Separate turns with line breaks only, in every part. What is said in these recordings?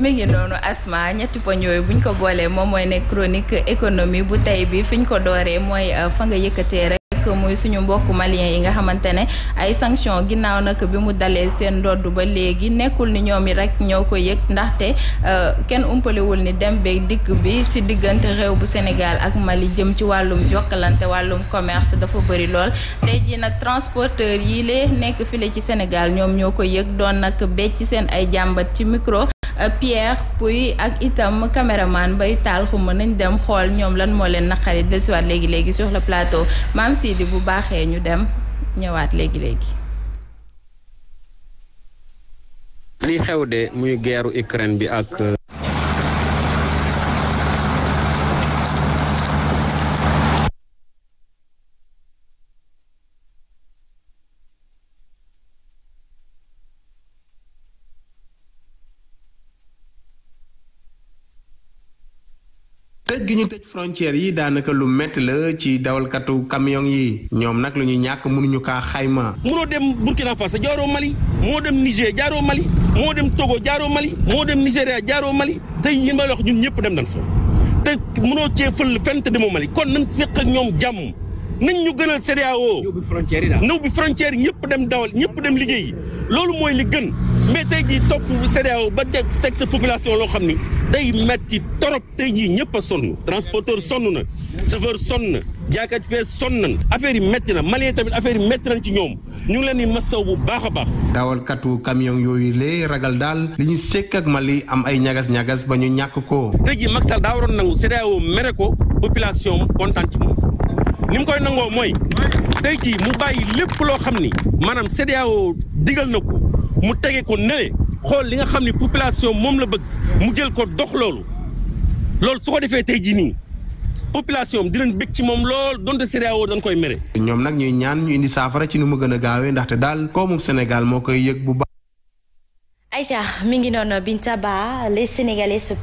mi ngi noonu asma ñetti poñ yooyu bu ñu ko boolee moom mooy nekk chronique économie bu tey bi fi ñu ko dooree mooy euh, fa nga yëkkatee rek. muy suñu mbokk malien yi nga xamante ne ay sanction ginnaaw nag bi mu dalee seen ndodd ba léegi nekkul ni ñoom yi rek ñoo ko yëg ndaxte euh, kenn umpalewul ni dem bee dikk bi si diggante réew bu Sénégal ak Mali jëm ci wàllum jokkalante wàllum commerce dafa bëri lool tey jii nag transporteur yi lee nekk file ci Sénégal ñoom ñoo ko yëg doon nag becc seen ay jàmbat ci micro Euh, Pierre Pouy ak itam caméraman bay taal mën nañ dem xool ñoom lan moo leen naqari desiwaat léegi léegi sur le plateau maam Sidi bu baaxee ñu dem ñëwaat léegi
léegi.
li bi ak euh, gi ñu tëj frontières yi daanaka lu métti la ci dawalkatu camion yi ñoom nag lu ñuy ñàkk mënuñu kaa xayma. munoo dem Burkina Faso jaaroo Mali moo dem Niger jaaroo Mali moo dem Togo jaaroo Mali moo dem Nigéria jaaroo Mali tey yi ma wax ñun ñëpp dem nañ fa te mënoo cee fël fenn te demoo Mali kon nañ seq ak ñoom jàmm nañ ñu gënal CEDEAO. ñëw bi frontières yi daal ñëw bi yi ñëpp dem dawal ñëpp dem liggéeyi. loolu mooy li gën mais tey jii topp CEDEAO ba teg teg sa population loo xam ni day metti torop tey jii ñëpp a sonn transporteur sonn na chauffeur sonn na jaaykat fee sonn nañ affaire yi metti na malien tamit affaire yi metti nañ ci ñoom ñu leen di masaw bu baax a baax dawalkatu camion yooyu lee ragal daal li ñu sekk ak Mali am ay ñagas-ñagas ba ñu ñàkk ko tey ji Macky Sall daa waroon nangu CEDEAO mere ko population kontaan ci moom ni mu koy nangoo mooy tey jii mu bàyyi lépp loo xam ni maanaam CEDEAO digal na ko mu tege ko nële xool li nga xam ni population moom la bëgg mu jël ko dox loolu loolu su ko defee tey jii nii population dinañ bëgg ci moom lool donte CEDEAO dañ koy mere. ñoom nag ñuy ñaan ñu indi saafara ci nu ma gën a gaawee ndaxte daal koomum Sénégal moo koy yëg bu baax.
Aïcha mi ngi noonu Binta Ba les Sénégalais se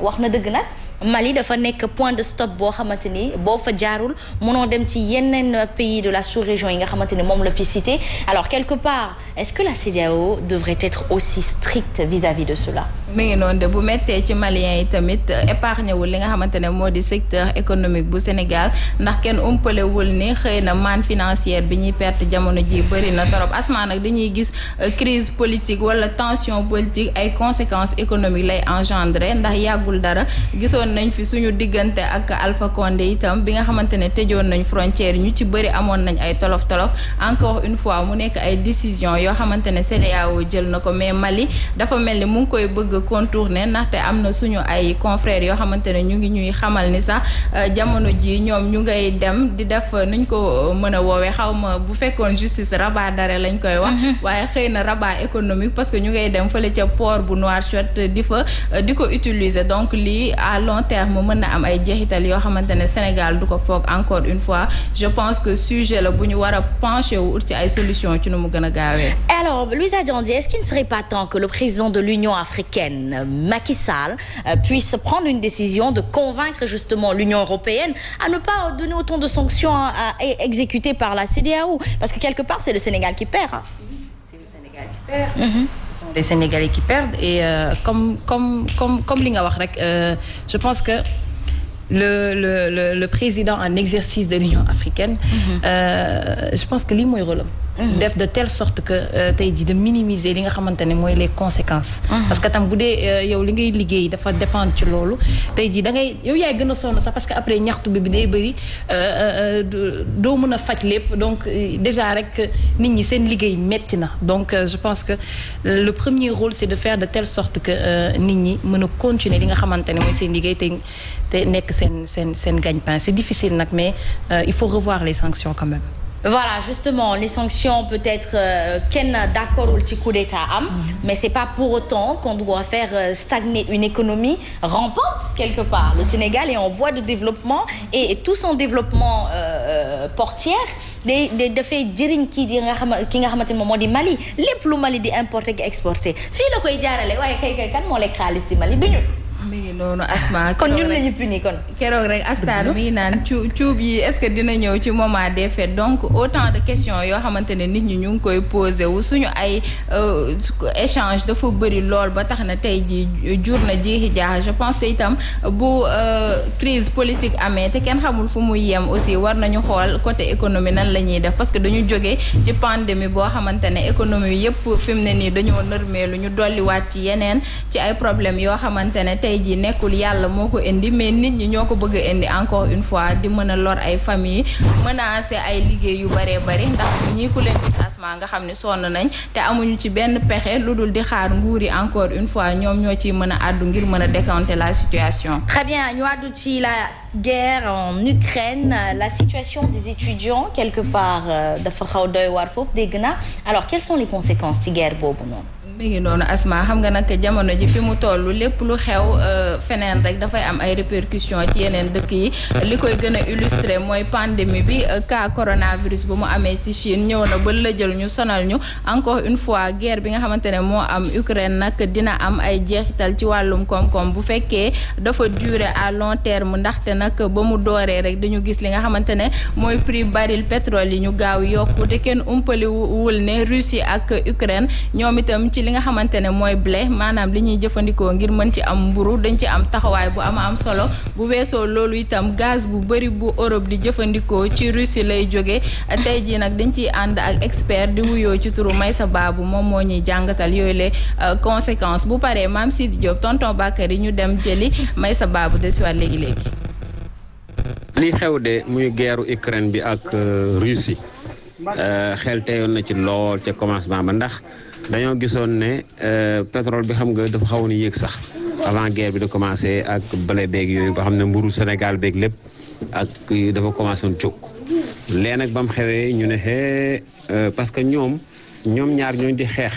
wax na dëgg nag. Mali dafa nekk point de stop boo xamante ni boo fa jaarul mënoo dem ci yeneen pays de la sous-région yi nga xamante ni moom la fi cité alors quelque part est-ce que la CEDEAO devrait être aussi stricte vis-à-vis de cela
mi ngi noonu de bu méttee ci maliens yi tamit euh, épargne wul li nga xamante ne moo di secteur économique bu Sénégal ndax kenn umpalewul ni xëy na manne financière bi ñuy perte jamono ji bëri na torop asmaan nag dañuy gis euh, crise politique wala tension politique ay conséquences économiques lay engendrer ndax yàggul dara gisoon nañ fi suñu diggante ak Alpha Condé itam bi nga xamante ne tëjoon nañ frontière ñu ci bëri amoon nañ ay tolof tolof encore une fois mu nekk ay décision yoo xamante ne jël na ko mais Mali bëgg contourner ndaxte am na suñu ay confrères yoo xamante ne ñu ngi ñuy xamal ni sax euh, jamono ji ñoom ñu ngay dem di def euh, nuñ ko euh, mën a woowee xaw bu fekkoon justice rabat d'arrêt lañ koy wax mm-hmm. waaye xëy na rabat économique parce que ñu ngay dem fële ca port bu Nouakchott di fa di ko utiliser donc li à long terme mën na am ay jeexital yoo xamante ne Sénégal du ko foog encore une fois je pense que sujet la bu ñu war a pencher wu ut ci ay solution ci nu mu gën a gaawee
européenne, Macky Sall, euh, puisse prendre une décision de convaincre justement l'Union européenne à ne pas donner autant de sanctions exécutées par la CEDEAO. Parce que quelque part, c'est le Sénégal qui
perd. Hein. Mhm. Et euh, comme, comme, comme, comme li nga wax rek, euh, je pense que le le le le président en exercice de l'Union africaine. Mm-hmm. je pense que lii mooy Mm-hmm. def de telle sorte que euh, tey jii de minimiser li nga xamante ne mooy les conséquences. Mm-hmm. parce que tam bu dee euh, yow li ngay liggéey dafa dépendre ci loolu tey jii da ngay yow yaay gën a sonn sax parce que après ñaxtu bi bi day bëri euh, doo mën a faj lépp donc déjà rek nit ñi seen liggéey metti na donc je pense que le premier rôle c'est de faire de tell sorte que nit ñi mën a continuer li nga xamante ne mooy seen liggéey te te nekk seen seen seen gagne-pain c'est difficile nag mais il faut revoir les sanctions quand
voilà justement les sanctions peut-être euh, kenn euh, d'accordul ci coup d'état am mm -hmm. mais c'est pas pour autant qu'on doit faire euh, stagner une économie rampante quelque part le Sénégal est en voie de développement et, et tout son développement euh, euh portière de day dafay jëriñ kii di nga xam ki nga xamante ne moom moo di Mali lépp lu Mali di importer ki exporter fii la koy jaarale waaye kay kay kan moo lekk Mali bi ñu mi ngi noonu asma. kon ñun la ñu puni kon. keroog rek astar mi naan
cu cuub yi est-ce que dina ñëw ci moment des fêtes donc autant de questions yoo xamante ne nit ñi ñu ngi koy posé wu suñu ay euh, échange dafa bëri lool ba tax na tey ji jur na jiixi jaaxa je pense que itam bu euh, crise politique amee te kenn xamul fu muy yem aussi war nañu xool côté économie nan la ñuy def parce que dañu jógee ci pandémie boo xamante ne économie yëpp fi mu ne nii dañoo nërmeelu ñu dolliwaat tey nekkul yàlla moo ko indi mais nit ñi ñoo ko bëgg indi encore une fois di mën a lor ay famille menacer ay liggéey yu baree bari ndax ñii ku leen asma nga xam ne sonn nañ te amuñu ci benn pexe lu dul di xaar nguur yi encore une fois ñoom ñoo ciy mën a àddu ngir mën a décanter la situation.
très bien ñu àddu ci la guerre en Ukraine la situation des étudiants quelque part euh, dafa xaw doy war foofu dégg na alors quelles sont les conséquences ci guerre boobu noonu. mi ngi noonu Asma xam nga nag jamono ji fi mu tollu
lépp lu xew euh, feneen rek dafay am ay répercussions ci yeneen dëkk yi li koy gën a illustré mooy pandémie bi euh, cas coronavirus bu mu amee ci Chine ñëw na ba lëjal ñu sonal ñu encore une fois guerre bi nga xamante ne moo am Ukraine nag dina am ay jeexital ci wàllum koom-koom bu fekkee dafa durer à long terme ndaxte nag ba mu dooree rek dañu gis li nga xamante ne mooy prix baril pétrole yi ñu gaaw yokk te li nga xamante ne mooy blé maanaam li ñuy jëfandikoo ngir mën ci am mburu dañ ci am taxawaay bu ama am solo bu weesoo loolu itam gaz bu bëri bu Europe di jëfandikoo ci Russie lay jóge tey jii nag dañ ciy ànd ak expert di wuyoo ci turu may sa baabu moom moo ñuy jàngatal yooyu lee euh, conséquence bu paree maam Sidi Diop tonton Bakary ñu dem jëli Maysa Babu desiwaat léegi léegi.
lii xew de muy guerre Ukraine bi ak euh, Russie euh, xel teyoon na ci lool ca commencement ba ndax. dañoo gisoon ne euh, pétrole bi xam nga dafa xawoon yéeg sax avant guerre bi da commencé ak bële beeg yooyu ba xam ne mburu Sénégal beeg lépp ak dafa commencé woon jóg léegi nag ba mu xewee ñu ne euh, parce que ñoom ñoom ñaar ñooñ di xeex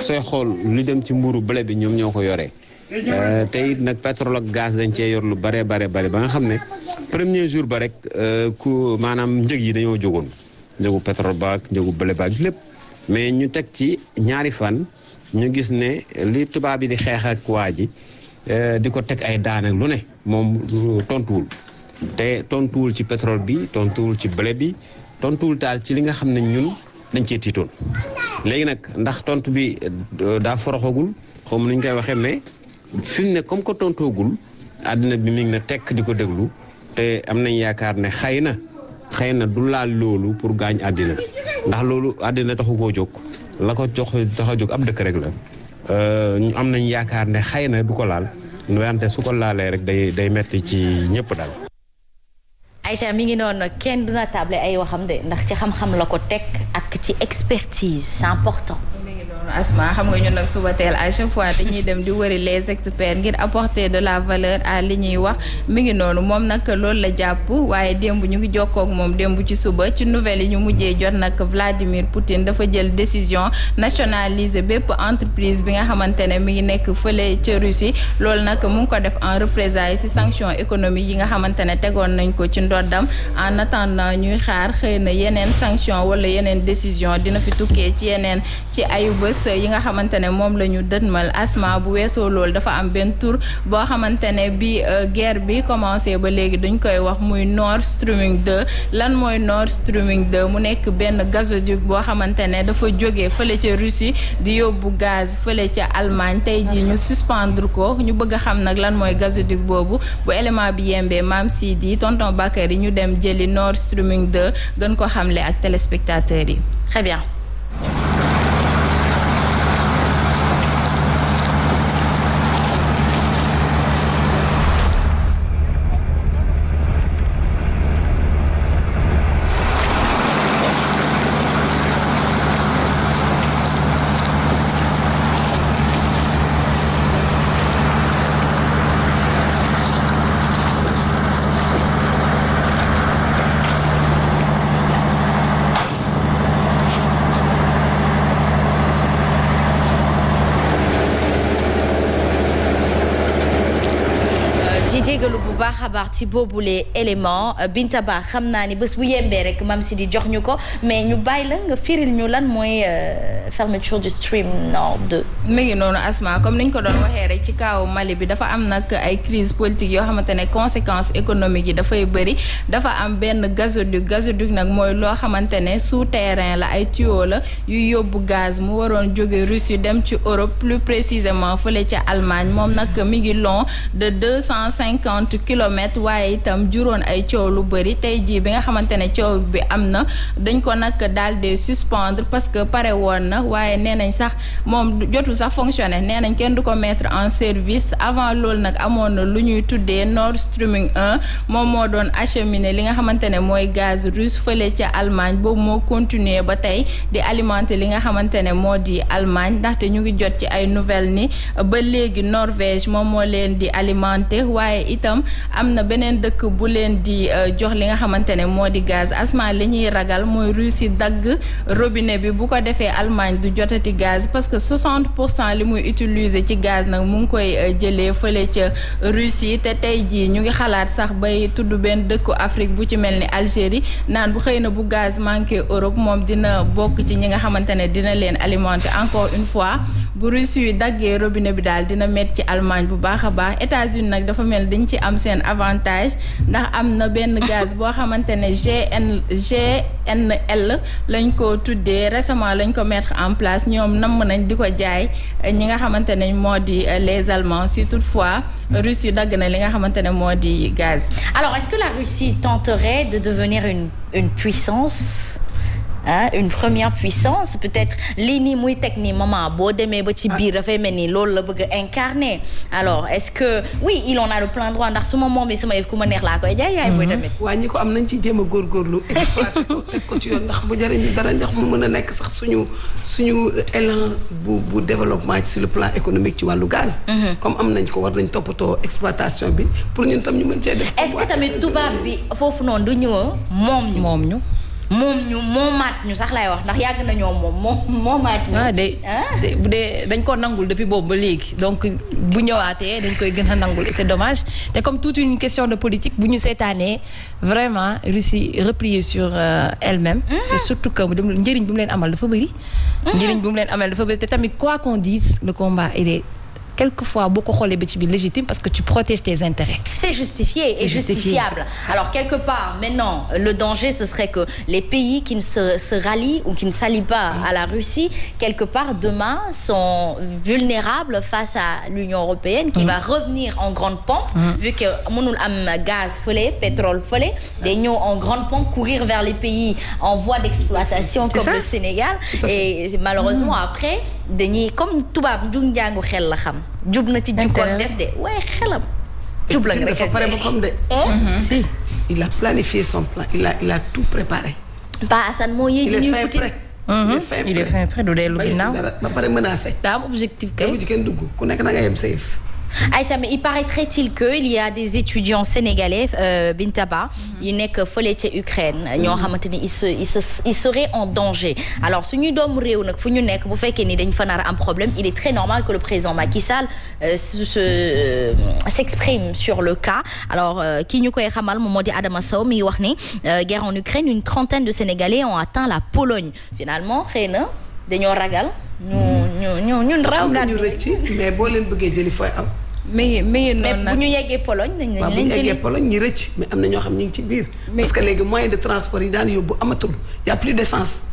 sooy xool lu dem ci mburu bële bi ñoom ñoo ko yoree euh, te it nag pétrole ak gaz dañ cee yor lu bare bare bare ba nga xam ne premier jour ba rek ku maanaam njëg yi dañoo jógoon njëgu pétrole ba ak bële ba ak lépp mais ñu teg ci ñaari fan ñu gis ne li tubaab yi di xeexak ak waa ji euh, di ko teg ay daan lu ne moom tontuwul te tontuwul ci pétrole bi tontuwul ci ble bi tontuwul daal ci li nga xam ne ñun dañ cee tiitoon léegi nag ndax tontu bi euh, daa foroxagul xaw ma ñu koy waxee mais fi ne comme que tontoogul àddina bi mi ngi na tekk di ko déglu te am nañ yaakaar ne xëy na xëy na du laal loolu pour gaañ àddina ndax loolu àddina taxu koo jóg la ko jox tax a jóg ab dëkk rek la euh, ñu am nañ yaakaar ne xëy na du ko laal wante su ko laalee rek day day metti ci ñëpp daal.
Aïcha mi ngi noonu kenn duna table ay waxam de ndax ci xam-xam la ko teg ak ci expertise c'est important. asma xam nga ñun nag suba teel à chaque fois dañuy dem di wëri les
experts ngir apporter de la valeur à li ñuy wax mi ngi noonu moom nag loolu la jàpp waaye démb ñu ngi jokkook moom démb ci suba ci nouvelle yi ñu mujjee jot nag Vladimir Poutine dafa jël décision nationaliser bépp entreprise bi nga xamante ne mi ngi nekk fële ca Russie loolu nag mu ngi ko def en représailles ci sanctions économiques yi nga xamante ne tegoon nañ ko ci ndoddam en attendant ñuy xaar xëy na yeneen sanction wala yeneen décision dina bés yi nga xamante ne moom la ñu dënmal asma bu weesoo loolu dafa am benn tur boo xamante ne bi euh, guerre bi commencé ba léegi dañu koy wax muy noor Streaming de lan mooy Nord Streaming de mu nekk benn gazoduc boo xamante ne dafa jóge fële ca Russie di yóbbu gaz fële ca Allemagne tey jii ñu suspendre ko ñu bëgg a xam nag lan mooy gazoduc boobu bu élément bi yembee maam si Sidi tonton Bakary ñu dem jëli noor Streaming de gën ko xamle ak téléspectateurs yi très
baax a baax ci boobule élément euh, Binta Ba xam naa ni bés bu yembee rek mam si di jox ñu ko mais ñu bàyyi la nga firil ñu lan mooy euh, fermeture du stream Nord 2. mi ngi noonu Asma comme niñ ko doon waxee rek ci kaawu
Mali bi dafa am nag ay crise politique yoo xamante ne conséquences économiques yi dafay bëri dafa am benn gazo gazoduc nag mooy loo xamante ne souterrain la ay tuyau la yu yóbbu gaz mu waroon jóge Russie dem ci Europe plus précisément ca Allemagne moom nag mi ngi long kilomètres waaye itam juróon ay coow lu bëri tey jii bi nga xamante ne coow bi am na dañ ko nag daal di suspendre parce que pare woon na waaye nee nañ sax moom jotul sax fonctionner nee nañ kenn du ko mettre en service avant loolu nag amoon na lu ñuy tuddee Nord Stream 1 moom moo doon acheminer li nga xamante ne mooy gaz russe fële ca Allemagne boobu moo continuer ba tey di alimenter li nga xamante ne moo di Allemagne ndaxte ñu ngi jot ci ay nouvelle ni ba léegi Norvège di alimenter am na beneen dëkk bu leen di euh, jox li nga xamante ne moo di gaz asma li ñuy ragal mooy Russie dagg robinet bi bu ko defee Allemagne du jotati gaz parce que 60 pour cent li muy utiliser ci gaz nag mu ngi koy euh, jëlee fële ca yi te tey jii ñu ngi xalaat sax bay tudd benn dëkku Afrique bu ci mel ni Algérie naan bu xëy na bu gaz manqué Europe moom dina bokk ci ñi nga xamante ne dina leen alimenter encore une fois. bu Russie yi daggee robine bi daal dina métti ci Allemagne bu baax a baax États-Unis nag dafa mel dañ ci am seen avantage ndax am na benn gaz boo xamante ne GN GNL lañ ko tuddee récemment lañ ko mettre en place ñoom namm nañ di ko jaay ñi nga xamante ne moo di euh, les Allemands si
fois Russie yu dagg na li nga xamante ne moo di gaz. alors est-ce que la Russie tenterait de devenir une une puissance. ah une première puissance peut-être lii nii muy teg nii maman boo demee ba ci ah. biir dafay mel ni loolu la bëgg a incarner alors est-ce que oui il en a le plein droit ndax su ma moom yi sama yëf ku ma neex laa koy jaay yaay booy tamit mhm. waa ñi ko am
nañ ci jéem a góorgóorlu exploité ko teg ko ci yoon ndax bu jëriñu dara ndax mu mën a nekk sax suñu suñu élan bu bu développement ci sur le plan économique ci wàllu gaz mhm. comme am nañ ko war nañ toppatoo exploitation bi pour ñun tam ñu mën cee def est-ce que
tamit tubaab bi foofu noonu du ñëw moom moom ñu moom ñu moomaat ñu sax lay wax ndax yàgg nañoo moom moo
moomaat ñu. ah, ah. bu dee dañ ko nangul depuis boobu ba léegi donc bu ñëwaatee dañ koy gën a nangul c'est domage te comme toute une question de politique bu ñu seetaanee vraiment Russie repliée sur euh, elle-même. Mm-hmm. te surtout que njëriñ bu mu leen amal dafa bëri. Mm-hmm. njëriñ bu mu leen amal dafa bëri te tamit quoi qu'on dise le combat il est. quelquefois boo ko xoolee ba ci biir légitime parce que tu protèges tes intérêts.
c'est justifié et justifiable. alors quelque part maintenant le danger ce serait que les pays qui ne se se rallient ou qui ne s'allient pas à la Russie quelque part demain sont vulnérables face à l'Union européenne qui va revenir en grande pompe vu que mënul am gaz fële pétrole fële day ñëw en grande pompe courir vers les pays en voie d'exploitation comme le Sénégal et malheureusement après dañuy comme tubaab njug njàngu xel la xam. jub na ci jukkoon def de waaye xelam. jub la rek pare ba xam de. Eh? Mm-hmm. si il a planifié son plan il a il a tout préparé. Paa moo yee ji ñuy wuti il est
mm-hmm. fin prêt du dellu ginnaaw ba pare menacé. daa am objectif kay. kenn dugg ku nekk na nga yem sa
Aïcha mais il paraîtrait-il que il y a des étudiants sénégalais euh, Bintaba mhm. yu nekk fële ca Ukraine ñoo mhm. xamante ni ils se ils se en danger alors suñu doomu réew nag fu ñu nekk bu fekkee ni dañ fa nar am problème il est très normal que le président Macky Sall euh, se euh, s'exprime sur le cas alors euh, ki ñu koy xamal moom moo di Adama Sow mi ngi wax ni euh, guerre en Ukraine une trentaine de Sénégalais ont atteint la Pologne finalement xëy na dañoo ragal. ñu ñu ñu ñun raw gàtt ñu rëcc mais boo leen bëggee jëli fooy am. mais mais noonu nag bu ñu yeggee Pologne nañ leen jëli waaw bu ñu yeggee
Pologne ñi rëcc mais am na ñoo xam ñu ngi ci
biir. parce
que léegi moyen de transport yi daan yóbbu amatul y' plus d' essence.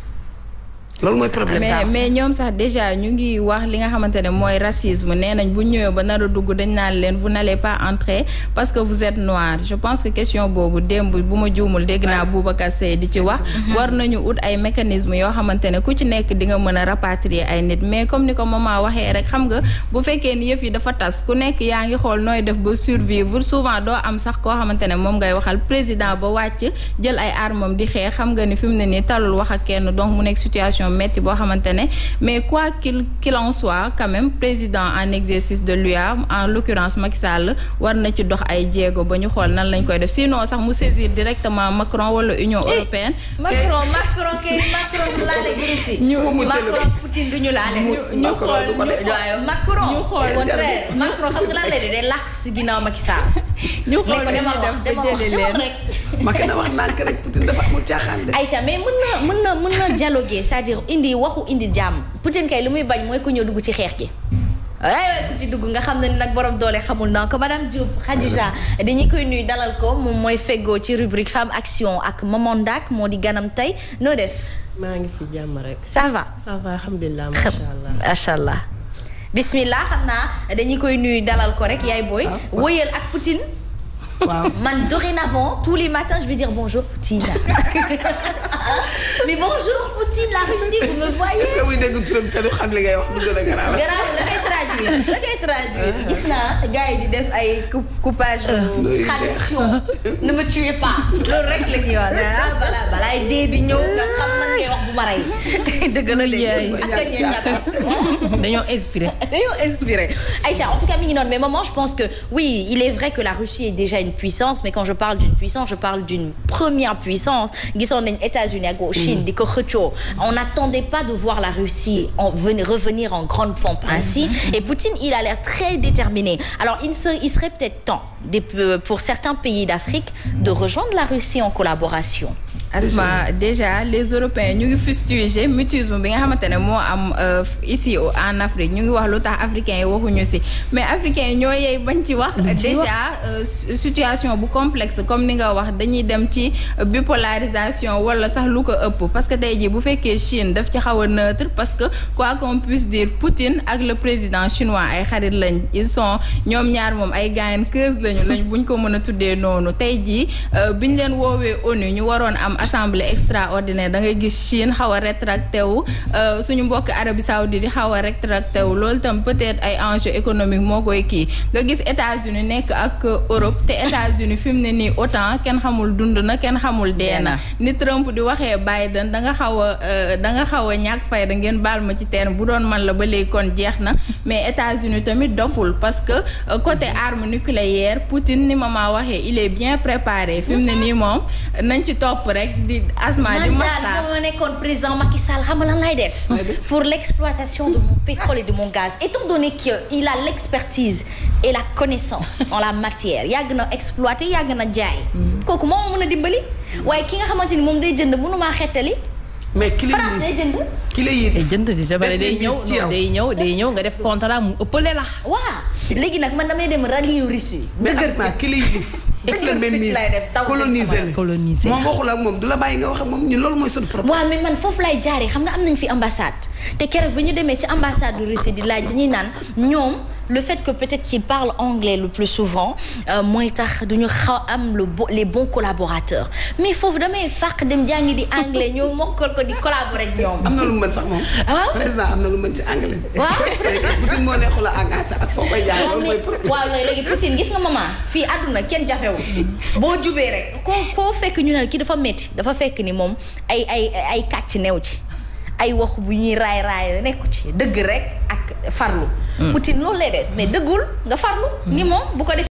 loolu mais
mais ñoom sax déjà ñu ngi wax li nga xamante ne mooy racisme nee nañ bu ñëwee ba nar a dugg dañ naan leen bu nalee pas entrer parce que vous êtes noir je pense que question boobu démb bu ma juumul dégg naa Boubacar di ci wax mm-hmm. war nañu ut ay mécanisme yoo xamante ne ku ci nekk di nga mën a rapatrier ay nit mais comme ni ko maman waxee rek xam nga bu fekkee ni yëpp yi dafa tas ku nekk yaa ngi xool nooy def ba survivre souvent doo am sax koo xamante ne moom ngay waxal président ba wàcc jël ay armam di xeex xam nga ni fi mu ne nii talul wax ak kenn donc mu nekk situation métti boo xamante ne mais quoi qu'il qu'il en soit même président en exercice de luya en l'occurrence Macky Sall war na ci dox ay jéego ba ñu xool nan lañ koy def sinon sax mu saisir directement Macron wala Union eh, européenne.
Macron Macron kay Macron du laale mais mën na mën na mën na indi waxu indi jàmm Poutine kay lu muy bañ mooy ku ñëw dugg ci xeex gi waaye ku ci dugg nga xam ne nag borom doole xamul donc madame Diop Khadija dañu koy nuy dalal ko moom mooy feggoo ci rubrique femme action ak Maman moo di ganam tey noo def. maa ngi fi jàmm rek. ça va ça va alhamdulilah macha allah macha allah. bismillah xam naa dañuy koy nuy dalal ko rek yaay booy. Ah, wëyal ak Poutine. waaw man dorénavant tous les matins je vais dire bonjour Poutine. mais bonjour Poutine la Russie vous me voyez. est-ce que muy
dégg turam te du xam li ngay wax du gën a garaaw.
traduire da ngay traduire gis naa gars yi di def ay coupage. Uh-huh. traduction ne me tuez pas. loolu rek la ñuy wax ah balaa ay dee di ñëw nga xam man ngay wax bu ma rey. dëgg la léegi ak ak ñoom
ñàkk dañoo inspiré.
dañoo inspiré Aïcha en tout cas mi ngi noonu mais maman je pense que oui il est vrai que la Russie est déjà une puissance mais quand je parle d'une puissance je d'une États-Unis ak Chine mm. di ko xëccoo on n'attendait pas de voir la Russie revenir en grande pompe ainsi mm-hmm. Poutine, il a l'air très déterminé. Alors, il, se, il serait peut-être temps des, euh, pour certains pays d'Afrique de rejoindre la Russie en collaboration. asma déjà les européens ñu ngi fustigé mutisme bi nga xamante ne moo
am euh, ici en Afrique ñu ngi wax lu tax africains yi waxuñu si mais africains yi ñoo yey bañ ci wax déjà euh, situation bu complexe comme ni nga wax dañuy dem ci bipolarisation wala sax lu ko ëpp parce que tey ji bu fekkee Chine daf ci xaw a neutre parce que quoi qu'on puisse dire Poutine ak le président chinois ay xarit lañ ils sont ñoom ñaar moom ay gaayan keuse lañu lañ buñ ko mën a tuddee noonu te jii euh, am assemblée extraordinaire da ngay gis Chine xaw a rétracté wu euh, suñu mbokki Arabie Saoudite di xaw a rétracté wu loolu tam peut-être ay enjeu économique moo koy kii nga gis États-Unis nekk ak Europe te États-Unis fi mu ne nii autant kenn xamul dund na kenn xamul dee na ni Trump di waxee Biden da nga xaw a euh, da nga xaw a ñàkk fayda ngeen baal ma ci terme bu doon man la ba léegi kon jeex na mais États-Unis tamit doful parce que euh, côté arme nucléaire Poutine ni ma mama waxee il est bien préparé fi mu ne nii moom nañ
ci topp rek rek di asma di man nekkoon président Macky Sall xam nga lan lay def. pour l'exploitation de mon pétrole et de mon gaz étant donné que il a l'expertise et la connaissance en la matière yàgg na exploiter yàgg na jaay. Mhm. kooku moo ma mën a dimbali. waaye ki nga xamante ni moom day jënd mënumaa xettali.
mais ki lay France day jënd. ki lay yéen jënd di dabare day ñëw day ñëw day ñëw nga def contrat mu ëppale la. waaw
léegi nag man damay dem rallier Russie. dëgg la mais asma
ki
dëgg la même mise coloniser coloniser moom waxul ak moom du la bàyyi nga wax ak moom ñun loolu mooy suñu problème. waaw mais man foofu lay jaaree xam nga am nañ fi ambassade te keroog bi ñu demee ci ambassade du Russie di laaj dañuy naan ñoom le fait que peut-être qu'ils parlent anglais le plus souvent euh, mooy tax duñu xaw am le les bons collaborateurs mais foofu damay fàq dem jàngi di anglais ñoo mokkal ko di collaborer ak am na lu mu sax moom. ah
président am lu mu moo neexul a anglais sax ak foo koy
léegi Poutine gis nga maman fii àdduna kenn jafewul boo jubee rek. koo koo fekk ñu ne kii dafa métti dafa fekk ni moom ay ay ay kàcc new ci ay wax bu ñuy raay raay nekku ci dëgg rek ak farlu. Poutine noonu lay def mais dëggul nga farlu ni moom bu ko def